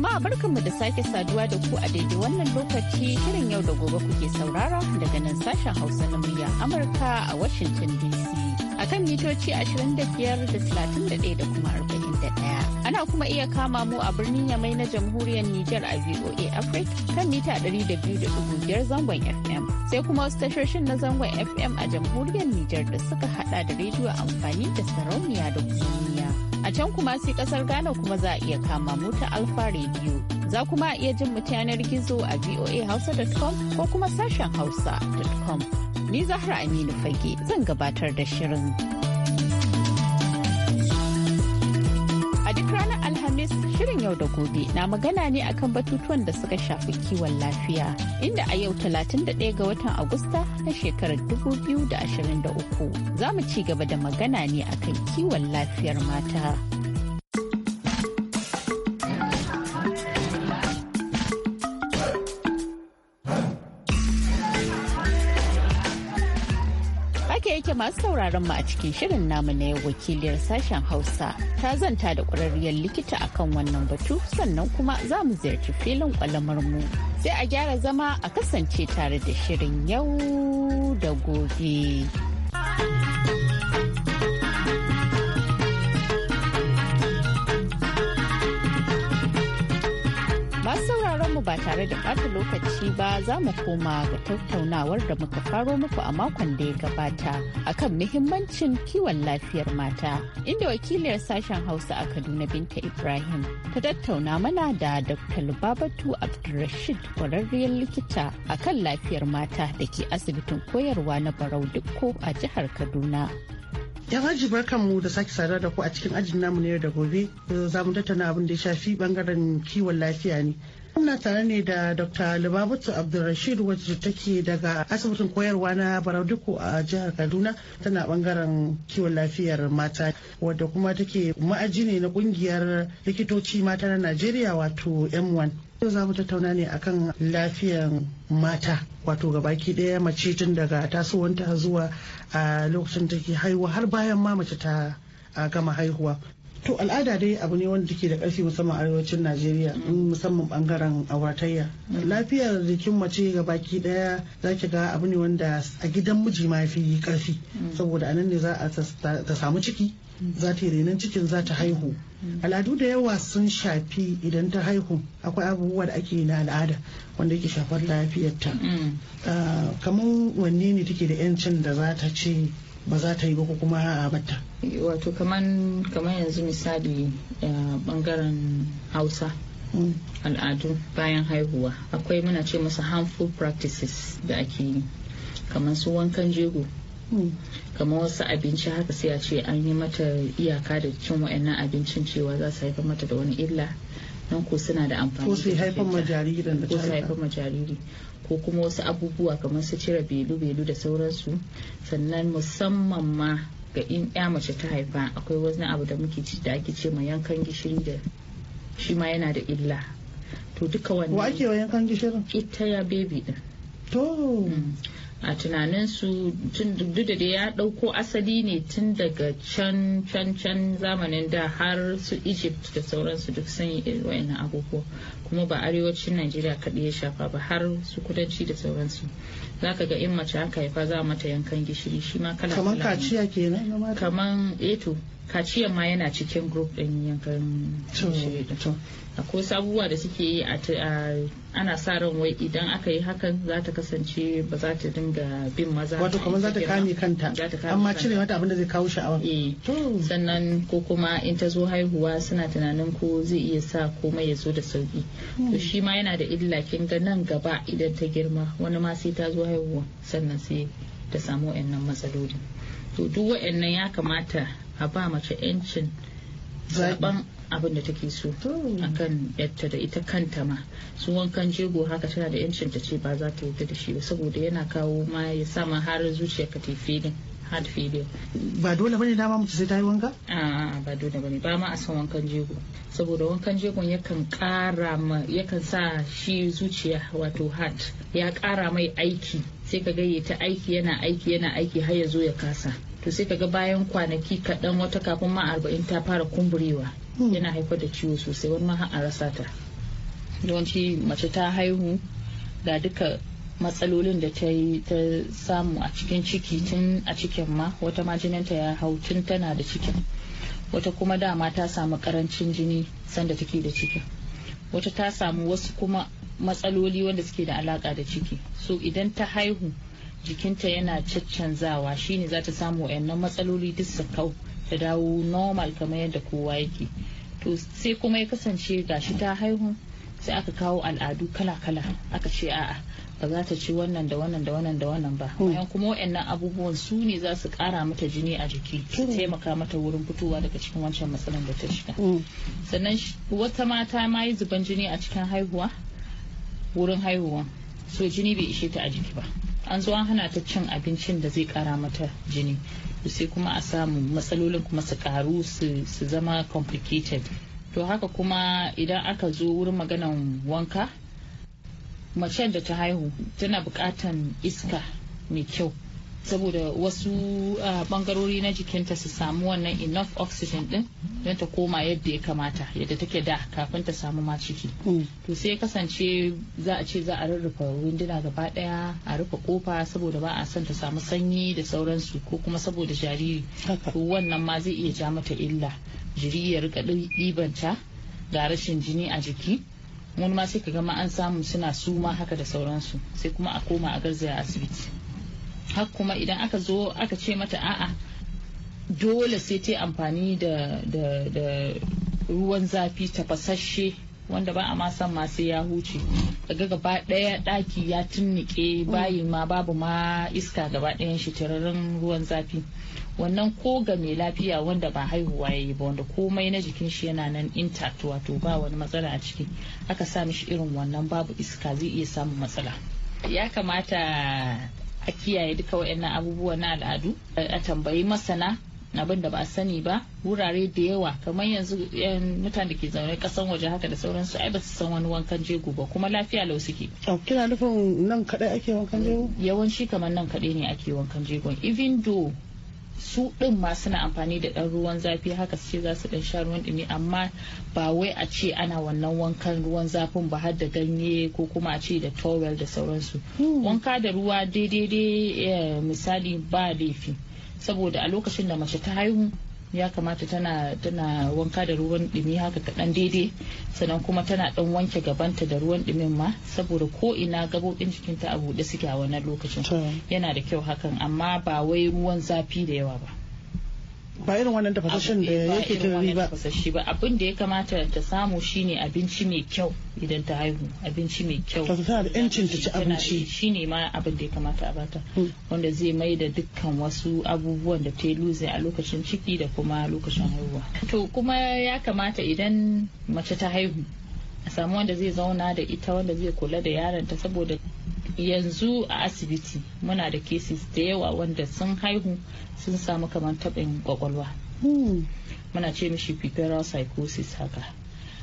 jama'a barkanmu da sake saduwa da ku a daidai wannan lokaci shirin yau da gobe kuke saurara daga nan sashen hausa na murya amurka a washington dc akan mitoci 25 da 31 da kuma 41 ana kuma iya kama mu a birnin yamai na jamhuriyar niger a voa africa kan mita 200.5 zangon fm sai kuma wasu tashoshin na zangon fm a jamhuriyar niger da suka hada da rediyo amfani da sarauniya da kuma A can kuma sai kasar Ghana kuma za a iya kama mu ta Alfa Radio. Za kuma a iya jin mu yanar gizo a voahausa.com ko kuma sashen hausa.com. Ni Zahra Aminu Fage zan gabatar da shirin. yau da gobe na magana ne akan batutuwan da suka shafi kiwon lafiya inda a yau 31 ga watan Agusta na shekarar 2023 za mu ci gaba da magana ne akan kiwon lafiyar mata. masu sauraron mu a cikin shirin namu na yau wakiliyar sashen Hausa ta zanta da kwararriyar likita a kan wannan batu sannan kuma za mu ziyarci filin kwalamar mu. Sai a gyara zama a kasance tare da shirin yau da gobe. yau ba tare da ɓata lokaci ba za mu koma ga tattaunawar da muka faro muku a makon da ya gabata a kan muhimmancin kiwon lafiyar mata inda wakiliyar sashen hausa a kaduna binta ibrahim ta tattauna mana da dr lubabatu abdulrashid kwararriyar likita a kan lafiyar mata da ke asibitin koyarwa na barau dukko a jihar kaduna yan aji barkan da sake sadar da ku a cikin ajin namu ne da gobe za mu tattauna abin da ya shafi bangaren kiwon lafiya ne Muna tare ne da Dr. Lubabatu Abdulrashid wacce take daga asibitin koyarwa na Barauduku a jihar Kaduna tana bangaren kiwon lafiyar mata wadda kuma take ma'aji ne na kungiyar likitoci mata na Najeriya wato M1. Yau za mu tattauna ne akan lafiyar mata wato gabaki daya mace tun daga tasowanta zuwa a lokacin take haihuwa har bayan ma mace ta gama haihuwa. to al'ada dai abu ne wanda take da ƙarfi musamman arewacin najeriya mm. musamman bangaren auratayya mm. lafiyar jikin mace ga baki daya za ki ga abu ne wanda a gidan miji ma fi ƙarfi mm. saboda anan ne za a ta samu ciki za ta yi renon cikin za ta haihu al'adu da yawa sun shafi idan ta haihu akwai abubuwa da ake na al'ada wanda yake shafar lafiyarta ah, kamar wanne ne take da 'yancin da za ta ce ba za ta yi ba ko kuma a batta wato kamar yanzu misali bangaren hausa mm. al'adu bayan haihuwa akwai muna ce masa harmful practices da ake yi kamar su wankan jego mm. kamar wasu abinci haka sai a ce an yi mata iyaka da cin wa'annan abincin cewa za su haifar mata da wani illa nan ko suna da amfani da ko su haifar ma jariri ko kuma wasu abubuwa kamar su cire belu-belu da sauransu sannan musamman ma ga in ya mace ta haifa akwai wani abu da muke ci da ake ce ma yankan gishiri da shi ma yana da illa to duka wannan wa ake yankan gishirin ita ya baby din to mm. a tunaninsu duk da ya ɗauko asali ne tun daga can can can zamanin da har su egypt da sauransu duk sun yi wa'in abubuwa kuma ba arewacin najeriya kaɗai ya shafa ba har su kudanci da sauransu za ka ga in mace aka haifa za mata yankan gishiri shi ma kala kamar kaciya kenan kamar eto eh kaciyan ma yana cikin group ɗin yankan gishiri akwai sabuwa da suke yi ana sa ran wai idan aka yi hakan za ta kasance ba za ta dinga bin maza wato kamar za ta kame kanta amma cire mata abin zai kawo sha'awa eh. sannan ko kuma in ta zo haihuwa suna tunanin ko zai iya sa komai ya zo da sauki to hmm. shi ma yana da illa kin ga nan gaba idan ta girma wani ma sai ta zo haihuwa sannan sai ta samu wayannan matsaloli to duk wayannan ya kamata a ba mace 'yancin zaben abin da take so akan yadda da ita kanta ma su wankan jego haka tana da yancin ta ce ba za ta yadda da shi ba saboda yana kawo ma ya sa ma har zuciya ka ta filin hard failure ba dole bane dama mutu sai ta yi wanka ba dole bane ba ma a san wankan jego saboda wankan jegon yakan kara ma yakan sa shi zuciya wato hard ya kara mai aiki sai ka gayyata aiki yana aiki yana aiki har ya zo ya kasa to sai kaga bayan kwanaki kaɗan wata kafin ma arba'in ta fara kumburewa hmm. yana haifar da ciwo sosai wani ma an rasa ta yawanci mace ta haihu ga duka matsalolin da ta yi ta samu a cikin ciki tun a cikin ma wata ma jininta ya hau tun tana da cikin wata kuma dama ta samu karancin jini sanda take da cikin wata ta samu wasu kuma matsaloli wanda suke da alaka da ciki so idan ta haihu jikinta yana caccanzawa shine za ta samu wayannan matsaloli duk su kau ta dawo normal kamar yadda kowa yake to sai kuma ya kasance gashi ta haihu sai aka kawo al'adu kala-kala aka ce a'a ba za ta ci wannan da wannan da wannan da wannan ba hmm. bayan kuma wayannan abubuwan su ne za su kara mata jini a jiki su hmm. taimaka mata wurin fitowa daga cikin wancan matsalan da ta shiga hmm. sannan wata mata ma yi zuban jini a cikin haihuwa wurin haihuwa so jini bai ishe ta a jiki ba an zo an hana ta cin abincin da zai kara mata jini sai kuma a samu matsalolin kuma su karu su zama complicated to haka kuma idan aka zo wurin maganan wanka macen da ta haihu tana bukatan iska mai kyau saboda wasu bangarori ah, na jikinta su samu wannan enough oxygen din don ta koma yadda ya kamata yadda take da kafin ta samu ma ciki mm. to sai kasance za a ce za a rarrufa winduna gaba daya a rufe kofa saboda ba a son ta samu sanyi da sauransu ko kuma saboda jariri to wannan ma zai iya ja mata illa jiri ya rika ɗibanta ga rashin jini a jiki wani ma sai ka gama an samu suna suma haka da sauransu sai kuma a koma a garzaya asibiti har kuma idan aka zo aka ce mata a'a dole sai ta amfani da, da, da ruwan zafi tafasasshe wanda ba a ma san ma sai ya huce daga gaba daya daki ya tunnike bayi ma babu ma iska gaba dayan shi tararin ruwan zafi wannan ko ga mai lafiya wanda ba haihuwa ya yi ba wanda komai na jikin shi yana nan intact wato ba wani matsala a ciki aka sa mishi irin wannan babu iska zai iya samun matsala ya kamata a kiyaye duka waɗannan abubuwan na al'adu a tambayi masana abin da ba sani ba wurare da yawa kamar yanzu yan mutane da ke zaune kasan waje haka da sauransu ai ba su san wani wankan jego ba kuma lafiya lau suke. Oh, kina nufin nan kaɗai ake wankan jego? yawanci kamar nan kaɗai ne ake wankan jego even though su ɗin ma suna amfani da ɗan ruwan zafi haka ce za su ɗan sha ruwan ɗumi amma ba wai a ce ana wannan wankan ruwan zafin ba har da ganye ko kuma a ce da towel da sauransu hmm. wanka da ruwa daidai eh, misali ba laifi saboda a lokacin da mace ta haihu ya kamata tana tana wanka da ruwan dumi haka kaɗan daidai sannan kuma tana ɗan wanke gabanta da ruwan dumin ma saboda ko ina gabobin jikinta a buɗe suke a wannan lokacin yana da kyau hakan amma ba wai ruwan zafi da yawa ba ba irin wannan tafasashen da yake ta ba abin da ya kamata ta samu shine abinci mai kyau idan ta haihu abinci mai kyau ta tana da yancin ta ci abinci shine ma abin da ya kamata a bata hmm. wanda zai mai da dukkan wasu abubuwan da ta yi luze a lokacin ciki da kuma lokacin haihuwa to kuma ya kamata idan mace ta haihu a samu wanda zai zauna da ita wanda zai kula da yaron ta saboda yanzu a asibiti muna da cases da yawa wanda sun haihu sun samu kamar taɓin kwakwalwa hmm. muna ce mishi puberal psychosis haka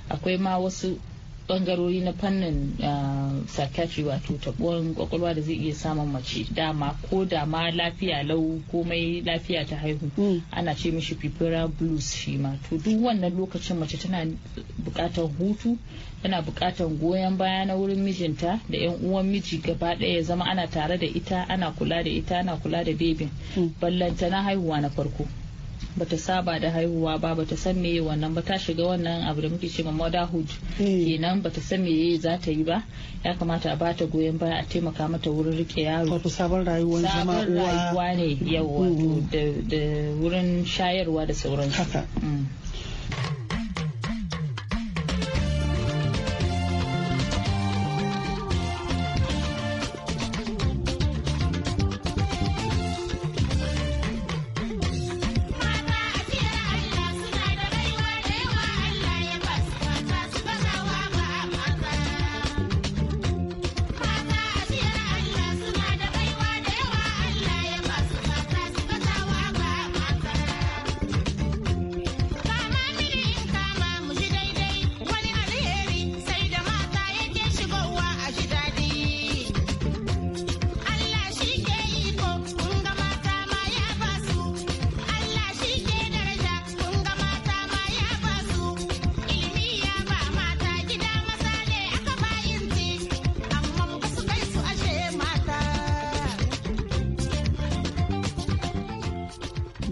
akwai ma wasu bangarori na fannin ah, psychiatry wato tabuwan kwakwalwa da zai iya samun mace dama ko da ma lafiya lau komai lafiya ta haihu mm. ana ce mishi pipera blues shi ma to duk wannan lokacin mace tana bukatar hutu tana bukatar goyon baya na wurin mijinta da yan uwan miji gaba ɗaya ya zama ana tare da ita ana kula da ita ana kula da bebin mm. na haihuwa na farko bata saba da haihuwa ba bata san meye wannan ba ta shiga wannan abu da muke cewa motherhood eh. kenan bata san meye za ta yi ba ya kamata a bata goyon baya a taimaka mata wurin rike yaro wato sabon rayuwar zama uwa rayuwa ne yawa mm-hmm. da wurin shayarwa da sauransu haka mm.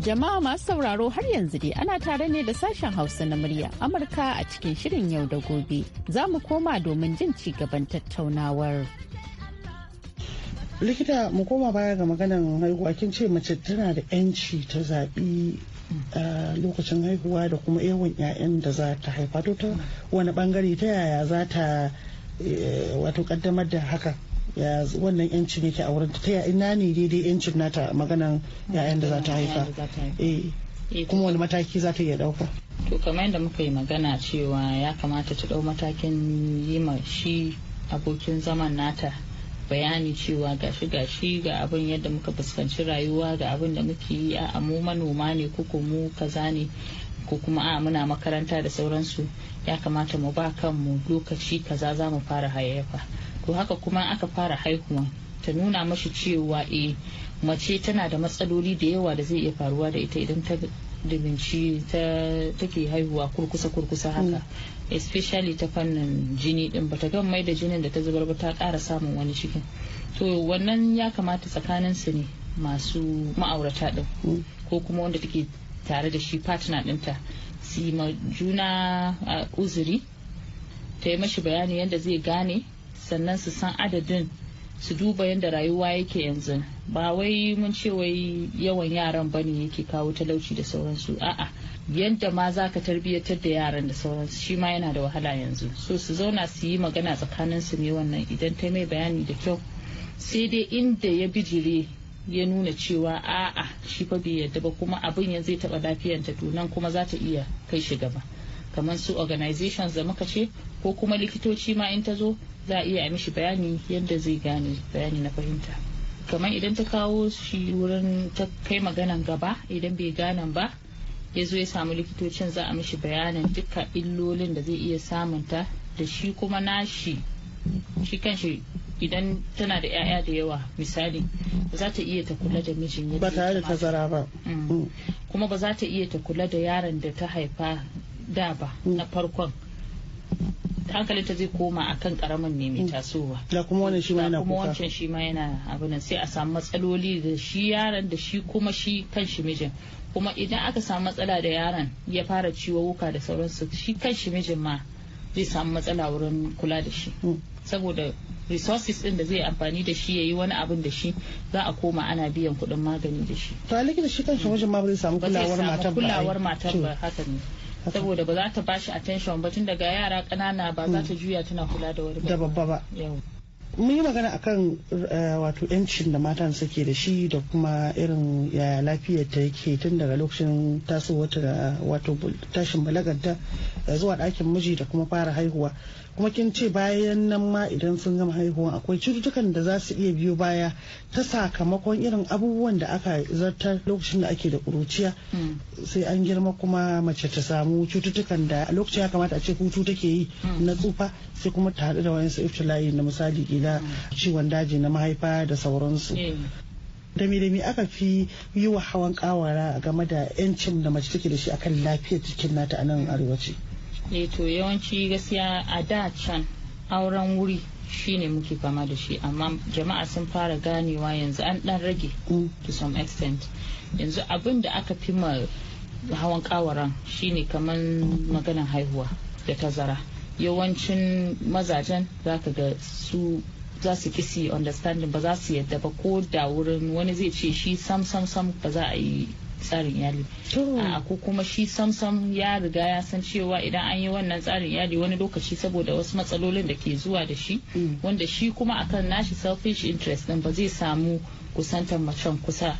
Jama'a masu sauraro har yanzu dai ana tare ne da sashen Hausa na murya Amurka a cikin shirin yau da gobe. Za mu koma domin jin ci gaban tattaunawar. Likita mu koma baya ga maganar haihuwa kin ce mace tana da 'yanci ta zaɓi lokacin haihuwa da kuma yawan 'ya'yan da za ta haifa to ta wani bangare ta yaya za ta eh, wato kaddamar da haka. ya wannan yancin yake a wurin ta ya ina ne daidai yancin nata maganan yayan da za ta haifa eh. Eh, kuma wani mataki za ta iya dauka to kamar yadda muka yi magana cewa ya kamata ta dau matakin yi ma shi abokin zaman nata bayani cewa gashi gashi ga abin yadda muka fuskanci rayuwa ga abin da muke yi a mu manoma ne ko mu kaza ne ko kuma a muna makaranta da sauransu ya kamata mu ba kanmu lokaci kaza za mu fara hayayyafa to haka kuma aka fara haihuwa ta nuna mashi cewa e mace tana da matsaloli da yawa da zai iya faruwa da ita idan ta dubinci ta take haihuwa kurkusa kurkusa haka mm. especially ta fannin jini din bata gan mai da jinin da ta zubar ba ta kara samun wani cikin to wannan ya kamata tsakanin su ne masu ma'aurata din mm. ko kuma wanda take tare da shi partner dinta su ma juna uzuri ta yi mashi bayani yadda zai gane sannan su san adadin su duba yadda rayuwa yake yanzu ba wai mun ce wai yawan yaran bane yake kawo talauci da sauransu a'a yadda ma za ka tarbiyyatar da yaran da sauransu shi ma yana da wahala yanzu so su zauna su yi magana tsakanin su ne wannan idan ta mai bayani da kyau sai dai inda ya bijire ya nuna cewa a'a shi fa bai yadda ba kuma abin yanzu zai taba lafiyanta to nan kuma za ta iya kai shi gaba kamar su organizations da muka ce ko kuma likitoci ma in ta zo za a iya mishi bayani yadda zai gane bayani na fahimta kamar idan ta kawo shi wurin ta kai maganan gaba idan bai gane ba ya zo ya samu likitocin za a mishi bayanin duka illolin da zai iya samunta da shi kuma nashi shi kanshi idan tana da 'ya'ya da yawa misali ba za ta iya ta kula da mijin yadda ba tare da tazara ba mm. Mm. kuma ba za ta iya ta kula da yaron da ta haifa da ba na farkon hankalinta zai koma akan karamin ne mai mm. tasowa da kuma wannan shi ma yana kuma wancan shi ma yana abu nan sai a samu matsaloli da shi yaron da shi kuma shi kan shi mijin kuma idan aka samu matsala da yaron ya fara ciwo wuka da sauransu shi kan shi mijin ma zai samu matsala wurin kula da shi mm. saboda resources din da zai amfani da shi yayi wani abin da shi za a koma ana biyan kuɗin magani da shi to likita shi kan shi mm. mijin ma ba zai samu kulawar matar ba kulawar matar ba haka ne saboda ba za ta bashi attention ba tun daga yara kanana ba za ta juya tana kula da wani da babba ba mun yi magana akan eh, wato yancin da matan suke da shi da kuma irin yaya lafiyar ta yake tun daga lokacin wata wato tashin balagarta eh, zuwa ɗakin miji da kuma fara haihuwa kuma kin ce bayan nan ma idan sun gama haihuwa akwai cututtukan da za su iya biyo baya ta sakamakon irin abubuwan da aka zartar lokacin da ake da kuruciya hmm. sai an girma kuma mace ta samu cututtukan da a lokacin ya kamata a ce hutu take yi hmm. na tsufa sai kuma ta haɗu da wani su iftila'i na misali gida hmm. ciwon daji na mahaifa da sauransu dami eh. dami aka fi yi wa hawan kawara game da 'yancin da mace take da shi akan lafiyar jikin nata a nan arewaci eh to yawanci gaskiya a da can auren wuri shine muke fama da shi amma jama'a sun fara ganewa yanzu an dan rage to some extent yanzu abin da aka fi ma hawan kawaran shine kamar maganan haihuwa da tazara yawancin mazajen za ka ga su za su kisi understanding ba za su yadda ba ko da wurin wani zai ce shi sam sam sam ba za a yi tsarin iyali ko kuma shi samsam ya riga ya san cewa idan an yi wannan tsarin iyali wani lokaci saboda wasu matsalolin da ke zuwa da shi mm. wanda shi kuma akan nashi selfish interest din ba zai samu kusantar macen kusa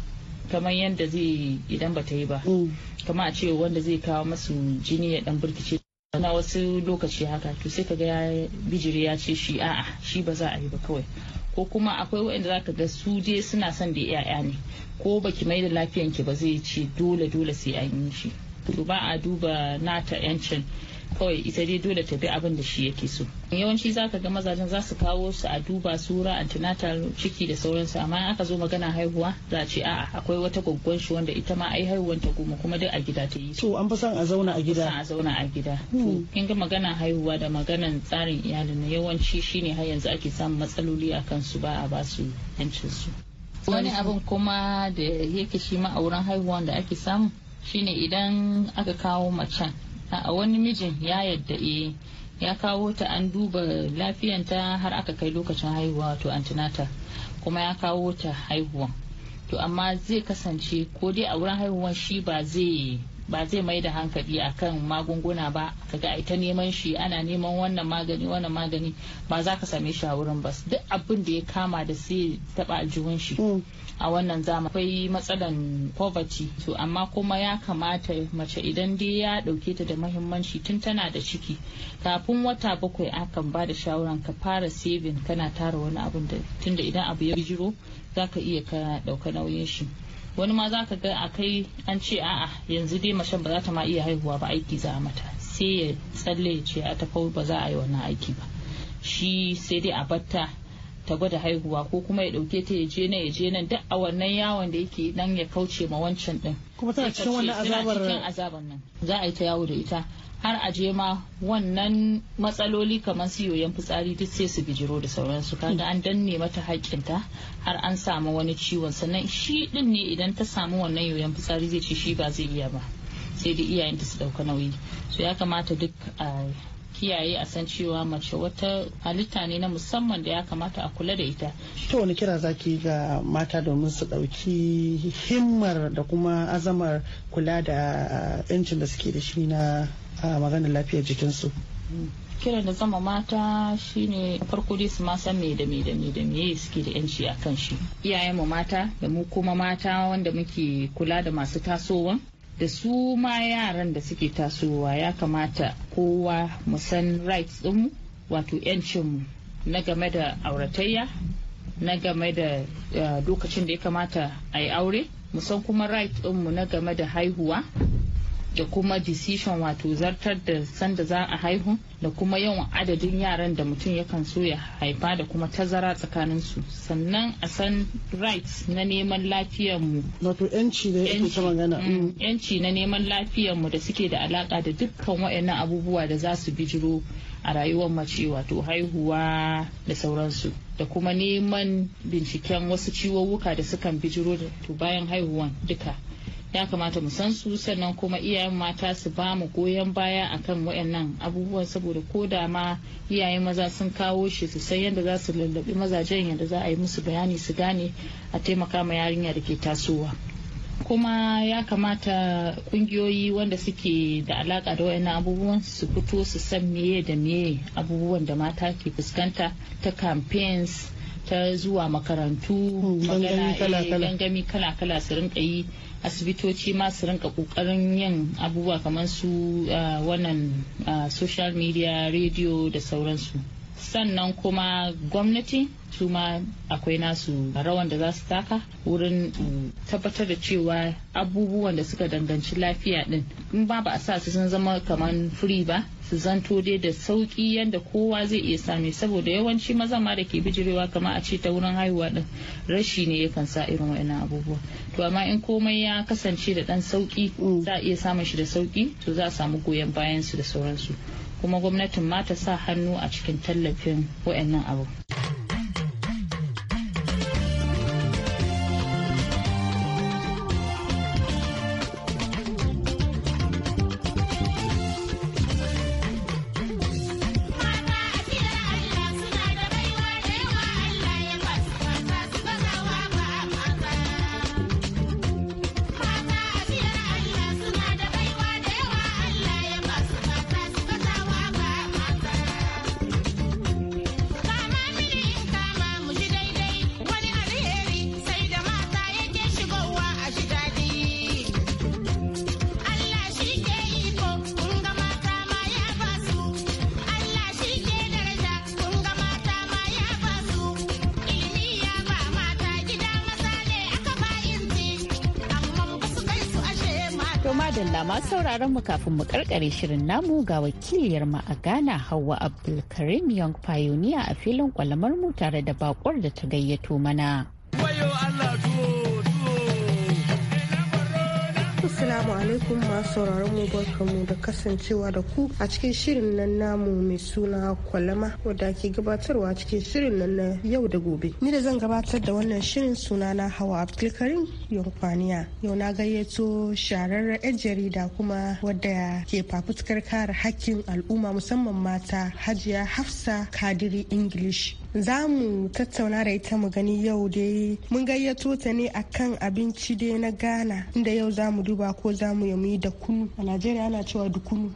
kamar yadda zai idan ba ta yi ba mm. kamar a ce wanda zai kawo masu jini ya dan birkice na wasu lokaci haka to sai ka ga bijiri ya ce shi a'a shi ba za a yi ba kawai ko kuma akwai waɗanda zaka ga su dai suna son da 'ya'ya ne ko baki mai da lafiyanki ba zai ce dole dole sai an yi shi to ba a duba nata 'yancin kawai ita dai dole ta bi abin da shi yake so yawanci zaka ga mazajen za su kawo su a duba sura antenatal ciki da sauransu amma aka zo magana haihuwa za a ce a'a akwai wata gwaggwan shi wanda ita ma ai haihuwan ta goma kuma duk a gida ta yi to an fi son a zauna a gida a zauna a gida to hmm. kin ga magana haihuwa da maganan tsarin iyalin na yawanci shine har yanzu ake samun matsaloli a kansu ba a ba su yancin su wani abin kuma da yake shi ma auren haihuwan da ake samu shine idan aka kawo macen a wani mijin ya yadda e ya kawo ta an duba ta har aka kai lokacin haihuwa wato antinata kuma ya kawo ta haihuwa to amma zai kasance ko dai a wurin haihuwan shi ba zai ba zai mai da hankali a kan magunguna ba kaga ai ita neman shi ana neman wannan magani wannan magani ba za ka same shi a wurin ba duk abin da ya kama da sai taba aljihun shi mm. a wannan zama akwai matsalan poverty to amma kuma ya kamata mace idan dai ya dauke ta da mahimmanci tun tana da ciki kafin wata bakwai akan ba da shawaran ka fara saving kana tara wani abin da tunda idan abu ya bijiro za ka iya ka dauka nauyin shi wani ma za ka ga a kai an ce a'a yanzu dai macen ba za ta ma iya haihuwa ba aiki za a mata sai ya tsalle ya ce a tafa ba za a yi wannan aiki ba shi sai dai a batta ta gwada haihuwa ko kuma ya dauke ta ya je na ya je nan duk a wannan yawon da yake nan ya kauce ma wancan din kuma tana cikin wannan azabar nan za a yi ta yawo da ita har a je ma wannan matsaloli kamar su yoyon fitsari duk sai su bijiro da sauransu kaga an danne mata haƙƙinta har an samu wani ciwon sannan shi din ne idan ta samu wannan yoyon fitsari zai ce shi ba zai iya ba sai dai iyayenta su dauka nauyi so ya kamata duk a kiyaye a san cewa mace wata halitta ne na musamman da ya kamata a kula da ita. To wani kira zaki ga mata domin su ɗauki himmar da kuma azamar kula da ah, 'yancin da suke da shi na a maganar lafiyar jikinsu kiran da zama mata shine farko dai su ma san me da me da me da me suke da yanci a kan shi iyayenmu mata da mu kuma mata wanda muke kula da masu tasowa da su ma yaran da suke tasowa ya kamata kowa mu san rights din mu wato yancinmu na game da auratayya na game da eh, lokacin da ya kamata a yi aure san kuma rights din mu na game da haihuwa da kuma decision wato zartar da sanda za a haihu da kuma yawan adadin yaran da mutum yakan so ya haifa da kuma tazara tsakanin su sannan a san rights na neman lafiyar mu wato yanci da yake ta magana yanci mm, na neman lafiyar mu da suke da alaka da dukkan wayannan abubuwa da za su bijiro a rayuwar mace wato haihuwa da sauransu da kuma neman binciken wasu ciwowuka da sukan bijiro da bayan haihuwan duka ya kamata mu san su sannan kuma iyayen mata su ba mu goyon baya akan waɗannan abubuwan saboda ko da ma iyayen maza sun kawo shi su san yadda za su lallabi mazajen yadda za a yi musu bayani su gane a taimaka ma yarinya da ke tasowa kuma ya kamata kungiyoyi wanda suke da alaka da wayannan abubuwan su fito su san meye da meye abubuwan da mata ke fuskanta ta campaigns ta zuwa makarantu hmm, magana eh, gangami kala-kala su rinka yi asibitoci masu su rinka kokarin yin abubuwa kamar su ah, wannan ah, social media radio da sauransu sannan kuma gwamnati su ma akwai nasu rawan da za su taka wurin mm, tabbatar da cewa abubuwan da suka danganci lafiya din in ba ba a sa su sun zama kamar free ba su zanto dai da sauki yadda kowa zai iya same saboda yawanci maza ma da ke bijirewa kama a ce ta wurin haihuwa din rashi ne yakan sa irin wa'annan abubuwa to amma in komai ya kasance da dan sauki mm. za a iya samun shi da sauki to za a samu goyon bayan su da sauransu kuma gwamnatin ma ta sa hannu a cikin tallafin wa'annan abu madalla masu sauraron mu kafin mu karkare shirin namu ga wakiliyar mu a Ghana Hauwa Abdulkarim Young Pioneer a filin kwalamar mu tare da bakwar da ta gayyato mana. Wayo Allah Assalamu alaikum masu sauraron mu barkamu da kasancewa da ku a cikin shirin nan namu mai suna kwalama wadda ke gabatarwa cikin shirin nan na yau da gobe. Ni da zan gabatar da wannan shirin suna na Hawa Abdulkarim Yankwaniya. Yau na gayyato shahararren 'yan jarida kuma wadda ke fafutukar kare hakkin al'umma musamman mata Hajiya Hafsa Kadiri English za mu tattauna da ita mu gani yau dai mun gayyato ta ne akan abinci dai na ghana inda yau za mu duba ko za mu yi da kunu a najeriya ana cewa da kunu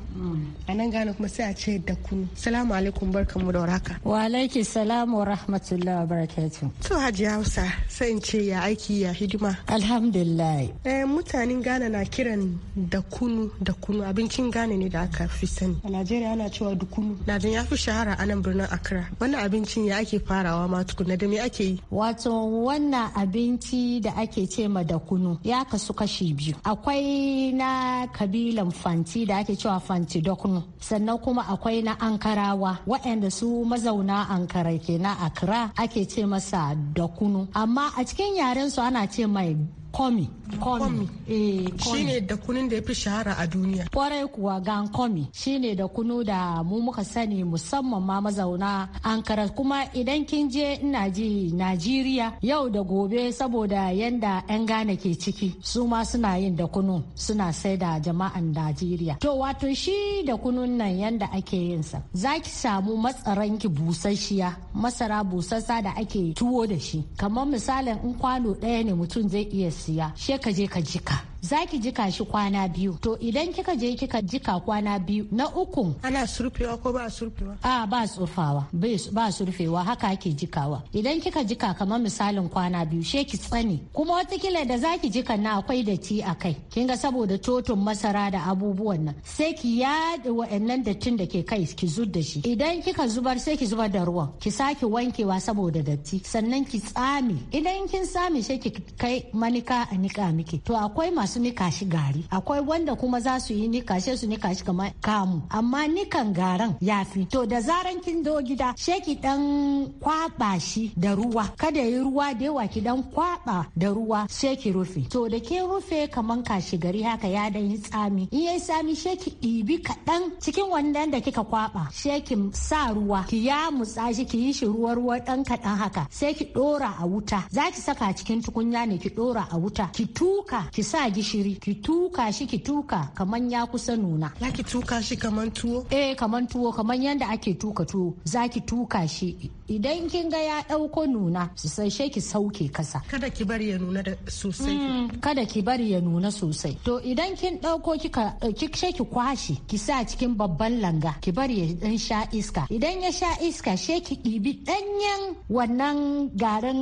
a nan ghana kuma sai a ce da kunu salamu alaikum barkamu da waraka wa alaiki salamu wa rahmatullahi wa barakatu to hajji hausa sai in ce ya aiki ya hidima alhamdulillah eh mutanen ghana na kiran da kunu da kunu abincin ghana ne da aka fi sani a najeriya ana cewa da kunu na ya fi shahara a nan birnin accra wannan abincin ya ake farawa ma tukuna da me ake yi wato wannan abinci da ake ce ma da kunu ya kasu kashi biyu akwai na kabilan fanti da ake cewa fanti da kunu sannan kuma akwai na ankarawa waɗanda su mazauna ankara na akra ake ce masa da kunu amma a cikin yaren su ana ce mai komi komi eh, shi ne da kunun da yafi shahara a duniya kwarai kuwa gan komi shine da kunu da mu muka sani musamman ma mazauna ankara kuma idan kin je ina ji najeriya yau da gobe saboda yanda yan gane ke ciki su ma suna yin da kunu suna sai da jama'an najeriya to wato shi da kunun nan yanda ake yin sa ki samu matsaranki busasshiya masara busassa da ake tuwo da shi kamar misalin in kwano ɗaya ne mutum zai iya siya ka je ka jika za ki jika shi kwana biyu to idan kika je kika jika kwana biyu na ukun ana surfewa ko ba surfewa a ba surfawa ba surfewa haka ake jikawa idan kika jika kamar misalin kwana biyu she ki tsani kuma kila da za ki jika na akwai da ti a kai kin ga saboda totun masara da abubuwan nan sai ki yaɗa wa'annan dattin da ke kai ki zub da shi idan kika zubar sai ki zubar da ruwan ki sake wankewa saboda datti sannan ki tsame idan kin tsame sai ki kai manika a nika miki to akwai masu masu nika gari akwai wanda kuma za su yi nika she su nika shi kamar kamu amma nikan garan ya to da zaran kin zo gida sheki dan kwaba shi da ruwa kada yi ruwa da yawa ki dan kwaba da ruwa sheki rufe to da ke rufe kaman kashi gari haka ya dan yi tsami in yayi tsami sheki ɗibi kaɗan cikin wannan da kika kwaba sheki sa ruwa ki ya mutsa shi ki yi shi ruwa ruwa dan kaɗan haka sai ki ɗora a wuta za ki saka cikin tukunya ne ki ɗora a wuta ki tuka ki sa gishiri ki tuka shi ki tuka kaman ya kusa nuna za ki tuka shi kaman tuwo eh kaman tuwo kaman yanda ake tuka tuwo za ki tuka shi idan kin ga ya dauko nuna sashe ki sauke kasa kada ki bari ya nuna da sosai mm, kada ki bari ya nuna sosai to idan kin dauko kika uh, ki ki kwashi ki sa cikin babban langa ki bari ya dan sha iska idan ya sha iska she ki dibi ɗanyen wannan garin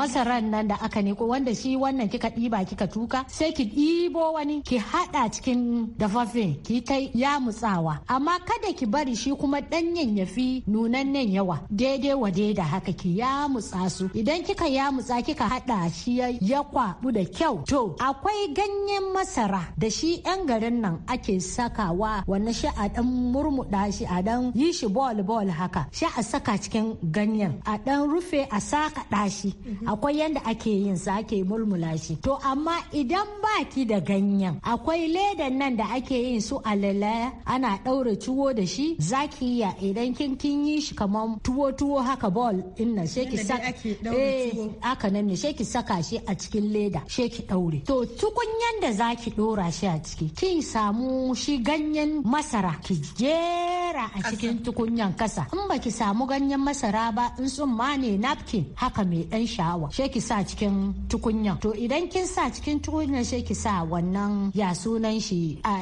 masaran nan da aka ne ko wanda shi wannan kika ɗiba kika tuka sai ki ɗibo wani ki haɗa cikin dafaffe ki ta mutsawa amma kada ki bari shi kuma ɗanyen ya fi nunannen yawa daidai wa da haka ki yamutsa su idan kika yamutsa kika haɗa shi ya kwaɓu da kyau to akwai ganyen masara da shi 'yan garin nan ake sakawa wannan shi a ɗan murmuɗa shi a ɗan yi shi bol bol haka shi a saka cikin ganyen a ɗan rufe a saka shi mhm. akwai yanda ake yin sa ake murmula shi to amma idan ba baki da ganyen akwai ledan nan da ake yin su alala ana ɗaure tuwo da shi zaki iya idan kin kin yi shi kamar tuwo tuwo haka ball din nan sheki saka eh aka nan ne sheki saka shi a cikin leda sheki ɗaure to tukunyan da zaki ɗora shi a ciki kin samu shi ganyen masara ki jera a cikin tukunyan kasa in baki samu ganyen masara ba in sun ma ne napkin haka mai ɗan sha'awa sheki sa cikin tukunyan to idan kin sa cikin tukunyan sai ki sa wannan ya sunan shi a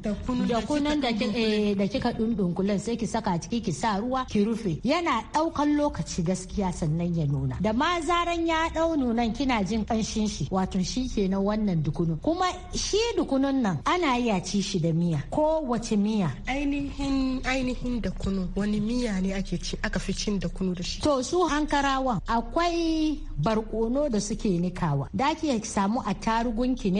da kunan da kika dundunkulen eh, sai ki saka ciki ki sa ruwa ki rufe yana daukan lokaci gaskiya sannan ya nuna da ma zaran ya dau nunan kina jin kanshin shi wato shi kenan wannan dukunu kuma shi dukunun nan ana iya ci shi da miya ko wace miya ainihin ainihin da kunu wani miya ne ake ci aka fi cin da kunu da shi to su hankarawan akwai barkono da suke nikawa da ki samu a tarugunki ne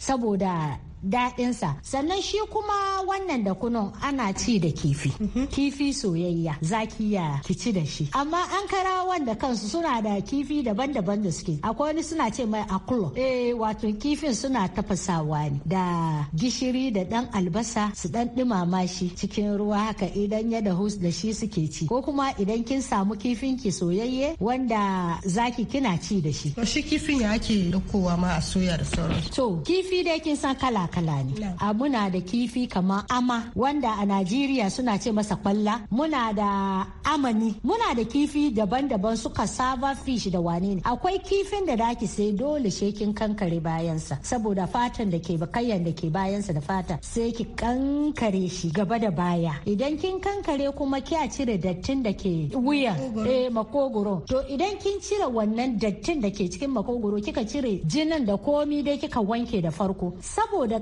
saboda daɗinsa sannan shi kuma wannan da kunun ana ci da kifi mhm. kifi soyayya zaki ya kici da shi amma an kara wanda kansu suna da kifi daban-daban da suke akwai wani suna ce mai akulo eh wato kifin suna tafasawa ne da gishiri da ɗan albasa su dan dumama shi cikin ruwa haka idan ya da da shi suke ci ko kuma idan kin samu kifin ki soyayye wanda zaki kina ci da shi shi kifin ya ake daukowa ma a soya da sauransu to kifi dai kin san kala kala-kala ne a muna da kifi kama ama wanda a najeriya suna ce masa kwalla muna da amani muna da kifi daban-daban suka cassava fish da wane ne akwai kifin da daki sai dole shekin kankare bayansa saboda fatan da ke bakayyan da ke bayansa da fata sai ki kankare shi gaba da baya idan kin kankare kuma a cire dattin da ke wuya eh makogoro to idan kin cire wannan dattin da ke cikin makogoro kika cire jinin da komi dai kika wanke da farko saboda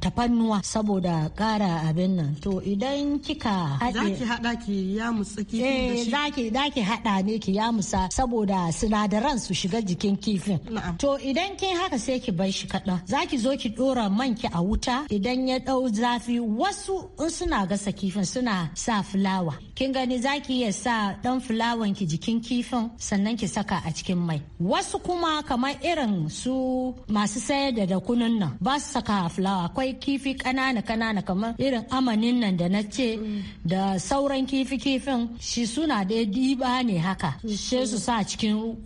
tafannuwa saboda kara abin nan to idan kika haɗe zaki hada ki ya musa kifin da eh, shi zaki zaki hada ne ki ya musa saboda sinadaran su shiga jikin kifin to idan kin haka sai ki bar shi kaɗan zaki zo ki dora man ki a wuta idan ya dau zafi wasu in suna gasa kifin suna sa fulawa kin gani zaki iya sa dan fulawan ki jikin kifin sannan ki saka a cikin mai wasu kuma kamar irin su masu sayar da dakunan nan ba su saka fulawa fulawa akwai kifi kanana kanana kamar irin amanin nan da na ce da sauran kifi kifin shi suna da diba ne haka she su sa cikin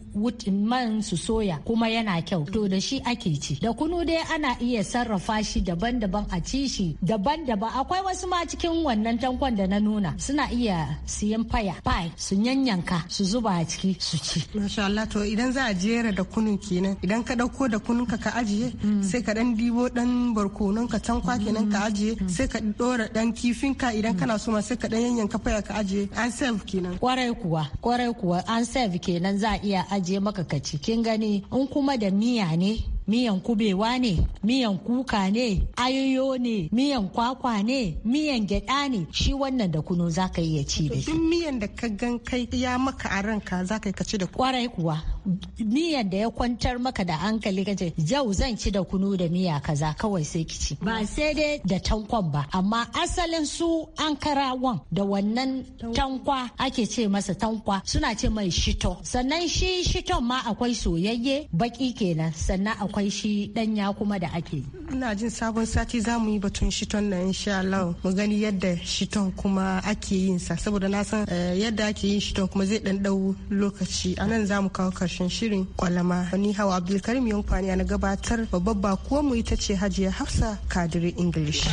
man su soya kuma yana kyau to da shi ake ci da kunu dai ana iya sarrafa shi daban-daban a ci shi daban-daban akwai wasu ma cikin wannan tankon da na nuna suna iya siyan faya pie su yanyanka su zuba a ciki su ci masha Allah to idan za a jera da kunun kenan idan ka dauko da kunun ka ka ajiye mm. sai ka dan dibo dan nan ka tankwa kenan ka ajiye mm. sai ka dora dan kifin ka idan kana so ma sai ka dan yanyanka faya ka ajiye an save kenan kwarai kuwa kwarai kuwa an save kenan za a iya ajiye maka ka ci kin gani in kuma da miya ne miyan kubewa ne miyan kuka ne ayoyo ne miyan kwakwa ne miyan gyada ne shi wannan da kuno zaka iya ci da shi miyan da ka gan kai ya maka a ranka zaka ka ci da kwarai kuwa miyan da ya kwantar maka da hankali kace yau zan ci da kunu da miya kaza kawai sai ki ci ba sai dai da tankwan ba amma asalin su an karawan da wannan tankwa ake ce masa tankwa suna ce mai shito sannan shi shiton ma akwai soyayye baki kenan sannan akwai shi danya kuma da ake ina jin sabon sati za mu yi batun shiton na insha Allah mu gani yadda shiton kuma ake yin sa saboda na san eh, yadda ake yin shiton kuma zai dan dau lokaci anan za mu kawo karshe karshen shirin kwalama wani hawa abdulkarim yankwani na gabatar babbar bakuwa mu ita ce hajiya hafsa kadiri english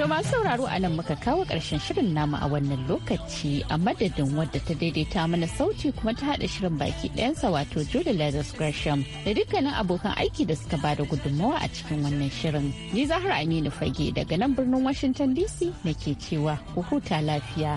To masu sauraro a nan muka kawo karshen shirin namu a wannan lokaci a madadin wadda ta daidaita mana sauti kuma ta haɗa shirin baki ɗayansa wato Julie Lazarus Gresham da dukkanin abokan aiki da suka bada gudunmawa a cikin wannan shirin. Ni Zahra Aminu Fage daga nan birnin Washington DC nake cewa ku huta lafiya.